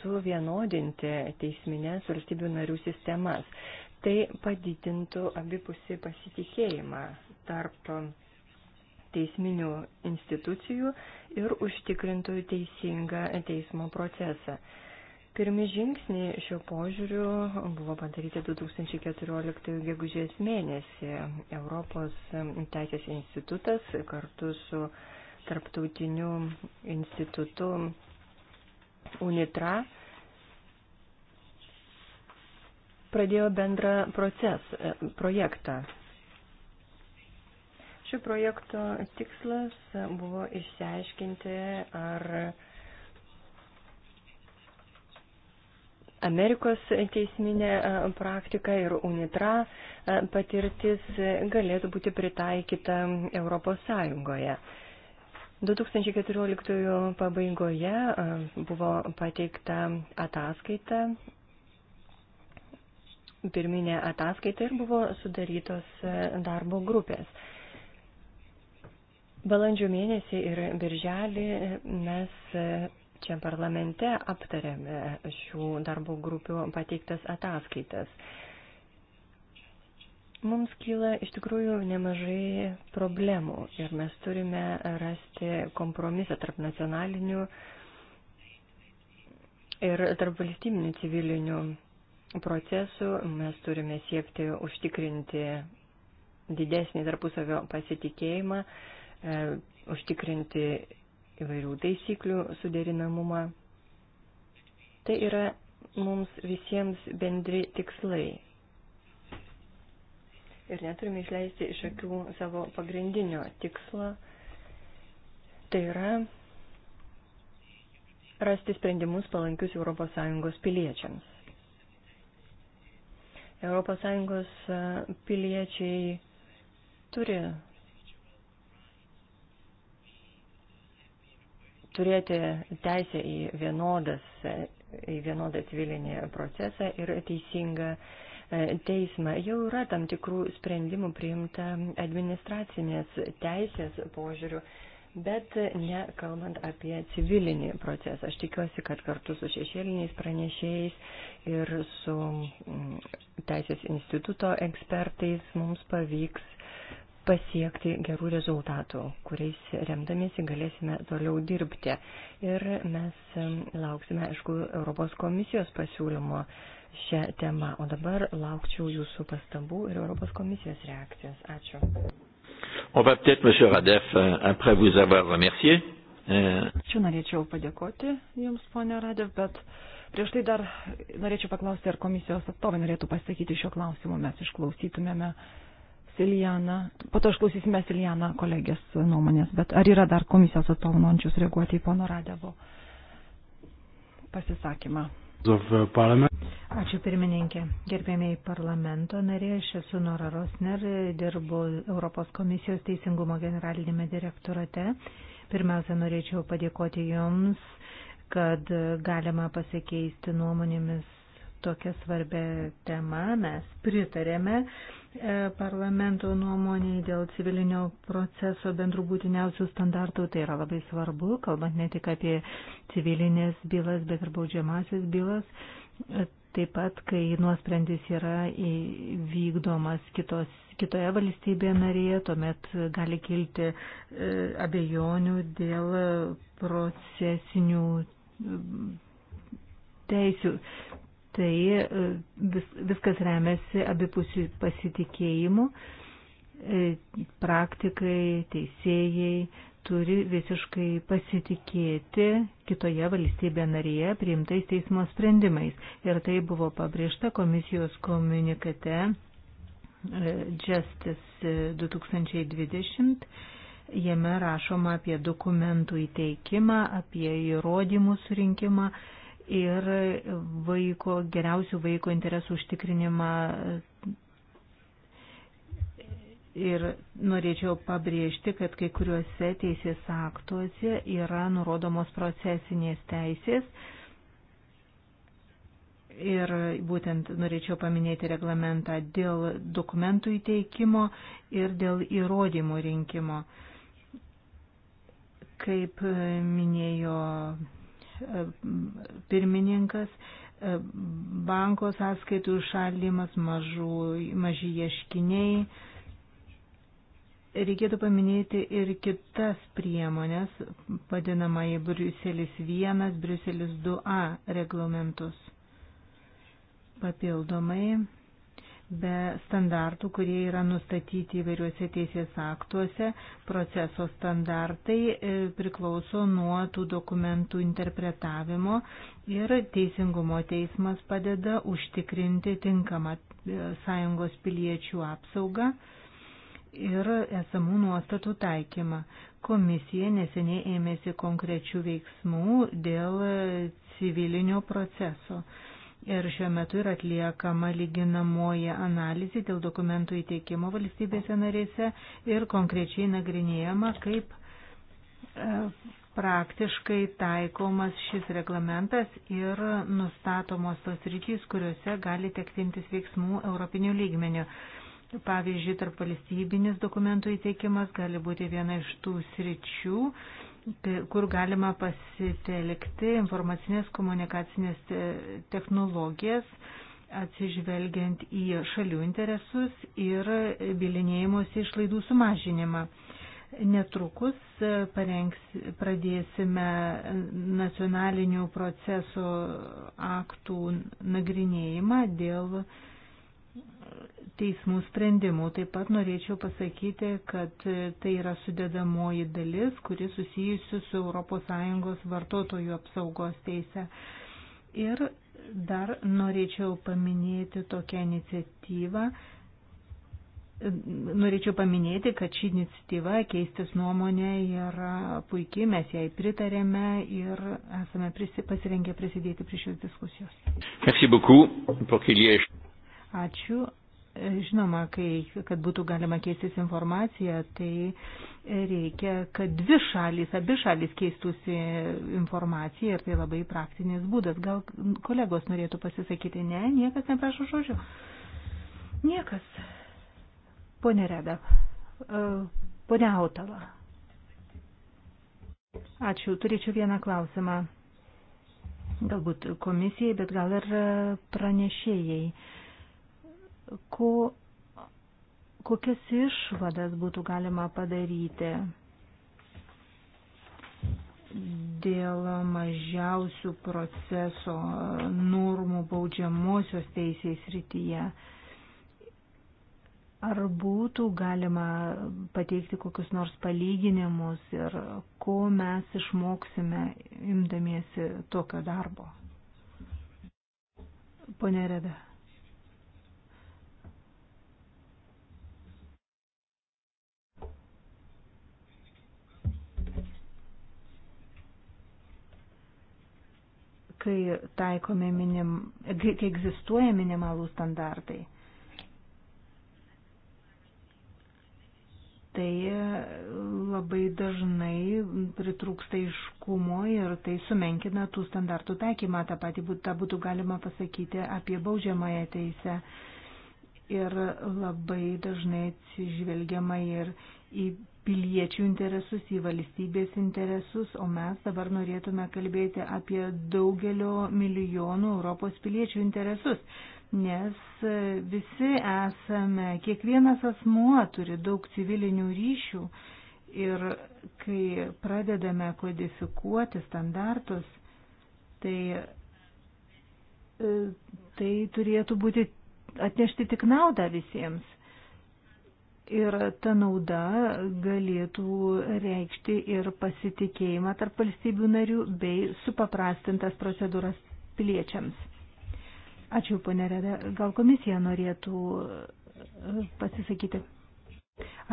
suvienodinti teisminės valstybių narių sistemas. Tai padidintų abipusį pasitikėjimą tarp teisminių institucijų ir užtikrintų teisingą teismo procesą. Pirmi žingsniai šio požiūriu buvo padaryti 2014 gegužės mėnesį. Europos teisės institutas kartu su tarptautiniu institutu UNITRA pradėjo bendrą proces, e, projektą. Šio projekto tikslas buvo išsiaiškinti, ar Amerikos teisminė e, praktika ir UNITRA e, patirtis galėtų būti pritaikyta Europos Sąjungoje. 2014 pabaigoje buvo pateikta ataskaita, pirminė ataskaita ir buvo sudarytos darbo grupės. Balandžio mėnesį ir birželį mes čia parlamente aptarėme šių darbo grupių pateiktas ataskaitas. Mums kyla iš tikrųjų nemažai problemų ir mes turime rasti kompromisą tarp nacionalinių ir tarp valstybinių civilinių procesų. Mes turime siekti užtikrinti didesnį tarpusavio pasitikėjimą, e, užtikrinti įvairių taisyklių suderinamumą. Tai yra mums visiems bendri tikslai ir neturime išleisti iš akių savo pagrindinio tikslo. Tai yra rasti sprendimus palankius ES piliečiams. ES e, piliečiai turi turėti teisę į vienodas, e, į vienodą civilinį procesą ir teisingą uh, E, teismą. Jau yra tam tikrų sprendimų priimta administracinės teisės požiūrių, bet ne kalbant apie civilinį procesą. Aš tikiuosi, kad kartu su šešėliniais pranešėjais ir su mm, teisės instituto ekspertais mums pavyks pasiekti gerų rezultatų, kuriais remdamiesi galėsime toliau dirbti. Ir mes mm, lauksime, aišku, Europos komisijos pasiūlymo šią temą. O dabar laukčiau jūsų pastabų ir Europos komisijos reakcijos. Ačiū. On va peut-être, monsieur Radef, euh, après vous avoir remercié. Euh, Čia norėčiau padėkoti Jums, ponė Radef, bet prieš tai dar norėčiau paklausti, ar komisijos atstovai norėtų pasakyti šio klausimu. Mes išklausytumėme Silijaną, po to išklausysime Silijaną kolegės nuomonės, bet ar yra dar komisijos atstovų norinčius reaguoti į pono Radevo pasisakymą? Uh, Ačiū pirmininkė. Gerbėmiai parlamento narė, aš esu Nora Rosner, dirbu Europos komisijos teisingumo generalinėme direktorate. Pirmiausia, norėčiau padėkoti Jums, kad galima pasikeisti nuomonėmis tokią svarbę temą. Mes pritarėme e, parlamento nuomoniai dėl civilinio proceso bendrų būtiniausių standartų. Tai yra labai svarbu, kalbant ne tik apie civilinės bylas, bet ir baudžiamasis bylas. E, taip pat, kai nuosprendis yra įvykdomas kitos, kitoje valstybėje narėje, tuomet gali kilti e, abejonių dėl procesinių teisių tai e, vis, viskas remiasi abipusių pasitikėjimų. E, praktikai, teisėjai turi visiškai pasitikėti kitoje valstybėje narėje priimtais teismo sprendimais. Ir tai buvo pabrėžta komisijos komunikate e, Justice 2020 jame rašoma apie dokumentų įteikimą, apie įrodymų surinkimą ir vaiko, geriausių vaiko interesų užtikrinimą. Ir norėčiau pabrėžti, kad kai kuriuose teisės aktuose yra nurodomos procesinės teisės. Ir būtent norėčiau paminėti reglamentą dėl dokumentų įteikimo ir dėl įrodymų rinkimo. Kaip minėjo pirmininkas, e, banko sąskaitų užšaldymas, maži ieškiniai. Reikėtų paminėti ir kitas priemonės, vadinamąjį Briuselis 1, Briuselis 2a reglamentus. Papildomai be standartų, kurie yra nustatyti įvairiuose teisės aktuose. Proceso standartai e, priklauso nuo tų dokumentų interpretavimo ir Teisingumo teismas padeda užtikrinti tinkamą e, sąjungos piliečių apsaugą ir esamų nuostatų taikymą. Komisija neseniai ėmėsi konkrečių veiksmų dėl e, civilinio proceso ir šiuo metu yra atliekama lyginamoji analizė dėl dokumentų įteikimo valstybėse narėse ir konkrečiai nagrinėjama, kaip e, praktiškai taikomas šis reglamentas ir nustatomos tos rytys, kuriuose gali tektintis veiksmų europinių lygmenių. Pavyzdžiui, tarp valstybinis dokumentų įteikimas gali būti viena iš tų sričių, Tai kur galima pasitelkti informacinės komunikacinės technologijas, atsižvelgiant į šalių interesus ir bilinėjimuose išlaidų sumažinimą. Netrukus parengs, pradėsime nacionalinių procesų aktų nagrinėjimą dėl teismų sprendimų. Taip pat norėčiau pasakyti, kad tai yra sudėdamoji dalis, kuri susijusi su ES vartotojų apsaugos teise. Ir dar norėčiau paminėti tokią iniciatyvą. Norėčiau paminėti, kad ši iniciatyva keistis nuomonė yra puikiai, mes jai pritarėme ir esame prisi, pasirengę prisidėti prie šios diskusijos. Ačiū. Žinoma, kai, kad būtų galima keistis informacija, tai reikia, kad dvi šalys, abi šalys keistųsi informaciją ir tai labai praktinis būdas. Gal kolegos norėtų pasisakyti, ne, niekas neprašo žodžių. Niekas. Pone Reda, e, pone Autala. Ačiū, turėčiau vieną klausimą. Galbūt komisijai, bet gal ir pranešėjai ko, kokias išvadas būtų galima padaryti dėl mažiausių proceso normų baudžiamosios teisės rytyje. Ar būtų galima pateikti kokius nors palyginimus ir ko mes išmoksime imdamiesi tokio darbo? Pone Reda. kai taikomi minim, kai egzistuoja minimalų standartai. Tai labai dažnai pritrūksta iškumo ir tai sumenkina tų standartų taikymą. Ta pati tą būtų galima pasakyti apie baudžiamąją teisę. Ir labai dažnai atsižvelgiama ir į piliečių interesus, į valstybės interesus, o mes dabar norėtume kalbėti apie daugelio milijonų Europos piliečių interesus, nes visi esame, kiekvienas asmuo turi daug civilinių ryšių ir kai pradedame kodifikuoti standartus, tai e, tai turėtų būti atnešti tik naudą visiems. Ir ta nauda galėtų reikšti ir pasitikėjimą tarp valstybių narių bei supaprastintas procedūras piliečiams. Ačiū, ponė Reda. Gal komisija norėtų e, pasisakyti?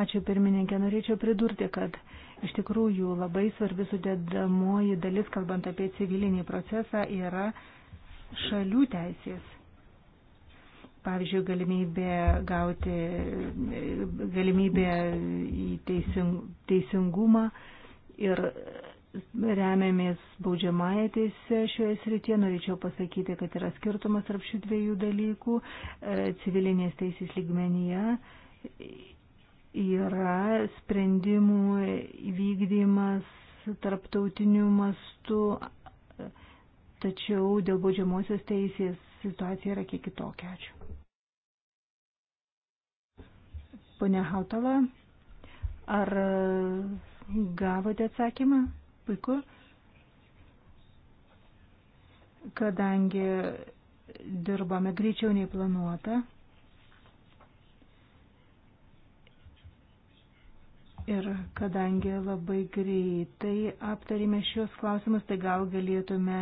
Ačiū, pirmininkė. Norėčiau pridurti, kad iš tikrųjų labai svarbi sudėdamoji dalis, kalbant apie civilinį procesą, yra šalių teisės Pavyzdžiui, galimybė gauti, galimybė į teising, teisingumą ir remiamės baudžiamąją teisę šioje srityje. Norėčiau pasakyti, kad yra skirtumas tarp šių dviejų dalykų. E, civilinės teisės lygmenyje yra sprendimų įvykdymas tarptautiniu mastu, tačiau dėl baudžiamosios teisės situacija yra kiek kitokia. Ačiū. Pone Hautala, ar gavote atsakymą? Puiku. Kadangi dirbame greičiau nei planuota. Ir kadangi labai greitai aptarėme šios klausimus, tai gal galėtume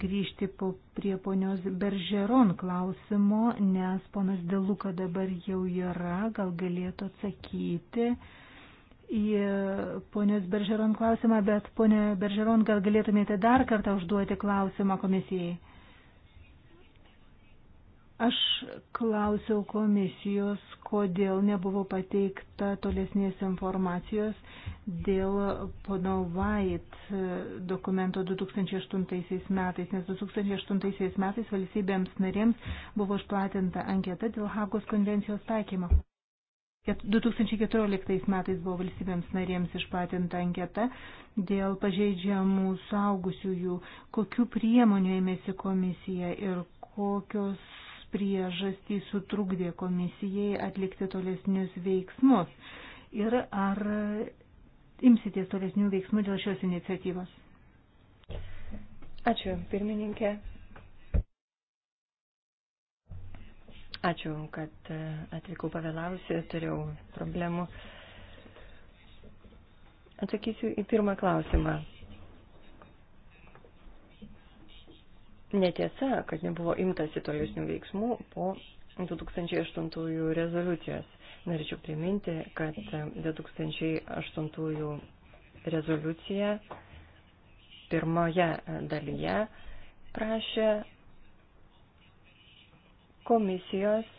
grįžti po, prie ponios Beržeron klausimo, nes ponas Deluka dabar jau yra, gal galėtų atsakyti į ponios Beržeron klausimą, bet ponė Beržeron, gal galėtumėte dar kartą užduoti klausimą komisijai? Aš klausiau komisijos, kodėl nebuvo pateikta tolesnės informacijos dėl pono Vait e, dokumento 2008 metais, nes 2008 metais valstybėms narėms buvo išplatinta anketa dėl Hagos konvencijos taikymo. 2014 metais buvo valstybėms narėms išplatinta anketa dėl pažeidžiamų saugusiųjų, kokių priemonių ėmėsi komisija ir kokios priežastys sutrukdė komisijai atlikti tolesnius veiksmus ir ar imsitės tolesnių veiksmų dėl šios iniciatyvos? Ačiū, pirmininkė. Ačiū, kad e, atvykau pavėlavusi, turėjau problemų. Atsakysiu į pirmą klausimą. netiesa, kad nebuvo imtasi tolesnių veiksmų po 2008 rezoliucijos. Norėčiau priminti, kad 2008 rezoliucija pirmoje dalyje prašė komisijos,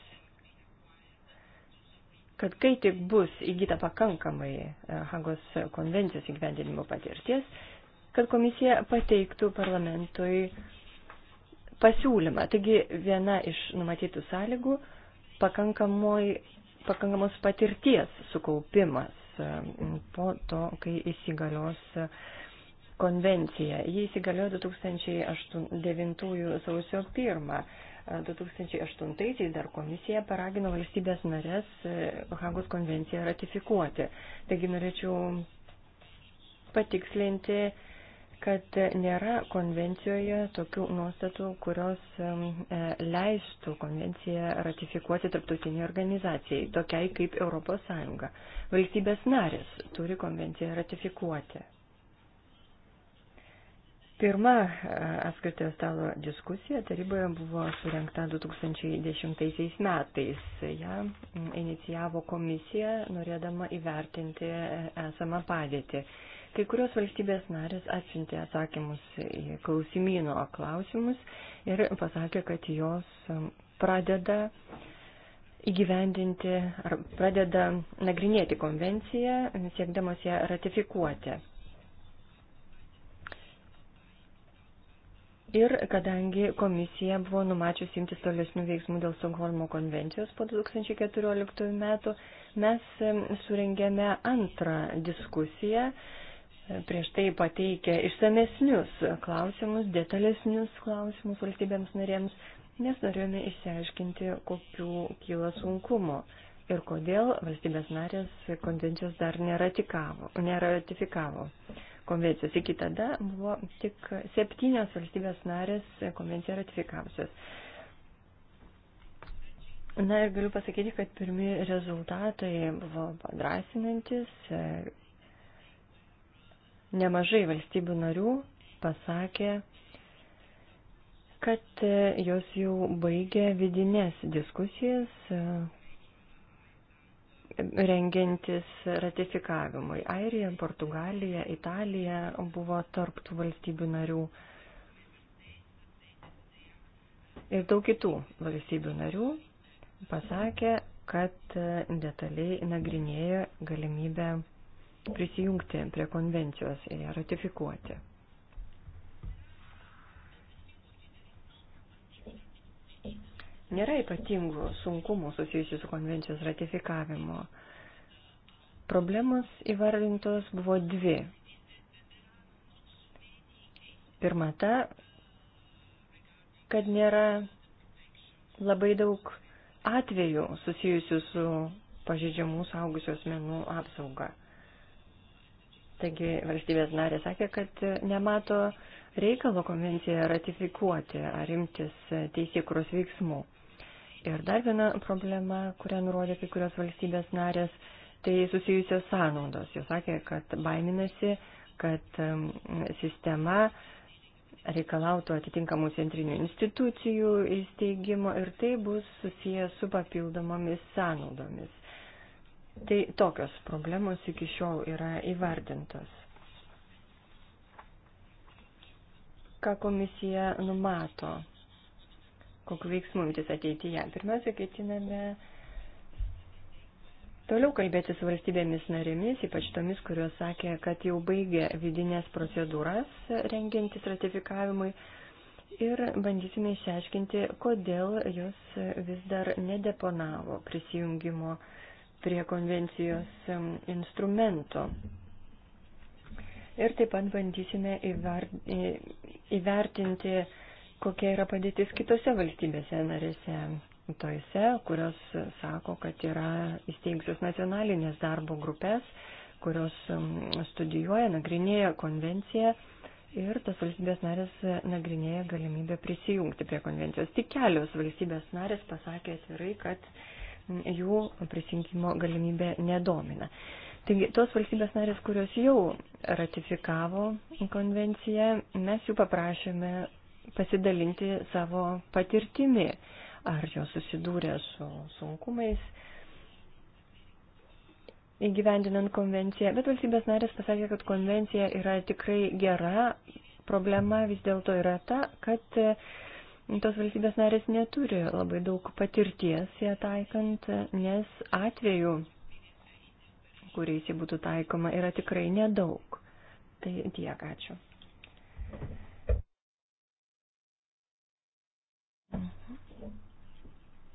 kad kai tik bus įgyta pakankamai e, Hagos konvencijos įgyvendinimo patirties, kad komisija pateiktų parlamentui pasiūlymą. Taigi viena iš numatytų sąlygų pakankamos patirties sukaupimas e, po to, kai įsigalios e, konvencija. Jie įsigaliojo 2009 sausio 1. 2008-aisiais e, dar komisija paragino valstybės narės Hagos konvenciją ratifikuoti. Taigi norėčiau patikslinti, kad nėra konvencijoje tokių nuostatų, kurios e, leistų konvenciją ratifikuoti tarptautiniai organizacijai, tokiai kaip ES. Valstybės narės turi konvenciją ratifikuoti. Pirma e, apskritojo stalo diskusija taryboje buvo surinkta 2010 metais. Ja inicijavo komisija, norėdama įvertinti e, esamą padėtį. Kai kurios valstybės narės atsintė atsakymus į klausimyno klausimus ir pasakė, kad jos um, pradeda įgyvendinti ar pradeda nagrinėti konvenciją, siekdamas ją ratifikuoti. Ir kadangi komisija buvo numačiusi imtis tolesnių veiksmų dėl Stokholmo konvencijos po 2014 metų, mes um, surengėme antrą diskusiją prieš tai pateikė išsamesnius klausimus, detalesnius klausimus valstybėms narėms, nes norėjome išsiaiškinti, kokiu kyla sunkumu ir kodėl valstybės narės konvencijos dar neratifikavo. Konvencijos iki tada buvo tik septynios valstybės narės konvenciją ratifikavusios. Na ir galiu pasakyti, kad pirmi rezultatai buvo padrasinantis, nemažai valstybių narių pasakė, kad e, jos jau baigė vidinės diskusijas e, rengiantis ratifikavimui. Airija, Portugalija, Italija buvo tarptų valstybių narių ir daug kitų valstybių narių pasakė, kad e, detaliai nagrinėjo galimybę prisijungti prie konvencijos ir ją ratifikuoti. Nėra ypatingų sunkumų susijusių su konvencijos ratifikavimu. Problemos įvardintos buvo dvi. Pirma ta, kad nėra labai daug atvejų susijusių su pažeidžiamų saugusios menų apsauga. Taigi valstybės narė sakė, kad nemato reikalo konvenciją ratifikuoti ar imtis teisėkuros veiksmų. Ir dar viena problema, kurią nurodė kai kurios valstybės narės, tai susijusios sąnaudos. Jos sakė, kad baiminasi, kad sistema reikalautų atitinkamų centrinių institucijų įsteigimo ir tai bus susijęs su papildomomis sąnaudomis. Tai tokios problemos iki šiol yra įvardintos. Ką komisija numato? Kokiu veiksmu imtis ateityje? Pirmiausia, ketiname toliau kalbėti su valstybėmis narėmis, ypač tomis, kurios sakė, kad jau baigė vidinės procedūras rengiantis ratifikavimui ir bandysime išsiaiškinti, kodėl jos vis dar nedeponavo prisijungimo uh, prie konvencijos instrumento. Ir taip pat bandysime įvertinti, kokia yra padėtis kitose valstybėse narėse, tose, kurios sako, kad yra įsteigusios nacionalinės darbo grupės, kurios studijuoja, nagrinėja konvenciją ir tas valstybės narės nagrinėja galimybę prisijungti prie konvencijos. Tik kelios valstybės narės pasakė atvirai, kad jų prisijungimo galimybė nedomina. Taigi, tos valstybės narės, kurios jau ratifikavo konvenciją, mes jų paprašėme pasidalinti savo patirtimi, ar jos susidūrė su sunkumais įgyvendinant konvenciją, bet valstybės narės pasakė, kad konvencija yra tikrai gera, problema vis dėlto yra ta, kad tos valstybės narės neturi labai daug patirties ją taikant, nes atveju, kuriais jį būtų taikoma, yra tikrai nedaug. Tai tiek, ačiū.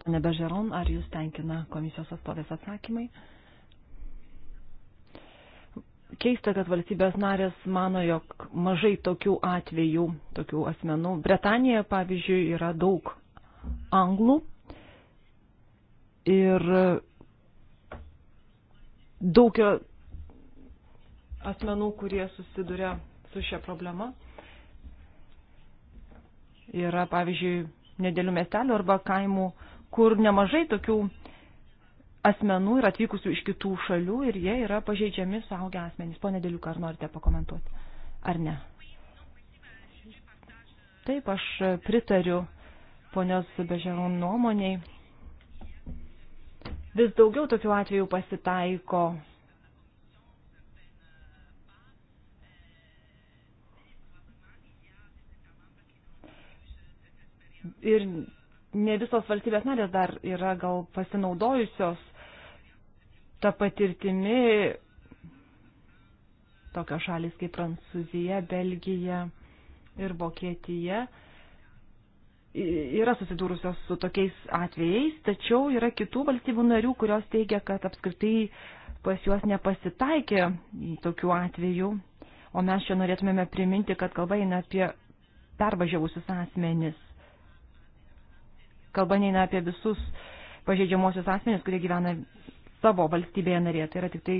Pane Bežeron, ar jūs tenkina komisijos atstovės atsakymai? keista, kad valstybės narės mano, jog mažai tokių atvejų, tokių asmenų. Bretanijoje, pavyzdžiui, yra daug anglų ir daug asmenų, kurie susiduria su šia problema. Yra, pavyzdžiui, nedėlių miestelių arba kaimų, kur nemažai tokių asmenų yra atvykusių iš kitų šalių ir jie yra pažeidžiami suaugę asmenys. Pone Dėliuk, ar norite pakomentuoti? Ar ne? Taip, aš pritariu ponios Bežeron nuomoniai. Vis daugiau tokių atvejų pasitaiko. Ir ne visos valstybės narės dar yra gal pasinaudojusios ta patirtimi tokios šalis kaip Prancūzija, Belgija ir Vokietija yra susidūrusios su tokiais atvejais, tačiau yra kitų valstybių narių, kurios teigia, kad apskritai pas juos nepasitaikė tokių atvejų, o mes čia norėtumėme priminti, kad kalba eina apie pervažiavusius asmenis. Kalba neina apie visus pažeidžiamosius asmenis, kurie gyvena savo valstybėje narėje. Tai yra tik tai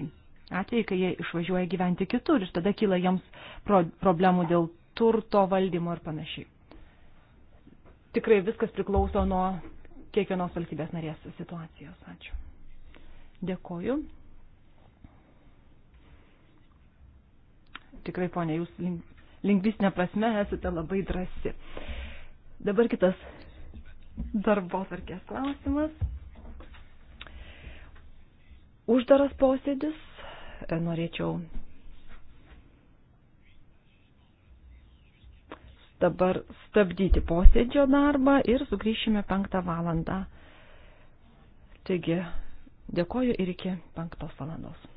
atvejai, kai jie išvažiuoja gyventi kitur ir tada kyla jiems pro problemų dėl turto valdymo ir panašiai. Tikrai viskas priklauso nuo kiekvienos valstybės narės situacijos. Ačiū. Dėkoju. Tikrai, ponė, jūs lingvistinė prasme esate labai drasi. Dabar kitas darbos arkės klausimas uždaras posėdis. E, norėčiau dabar stabdyti posėdžio darbą ir sugrįšime penktą valandą. Taigi, dėkoju ir iki penktos valandos.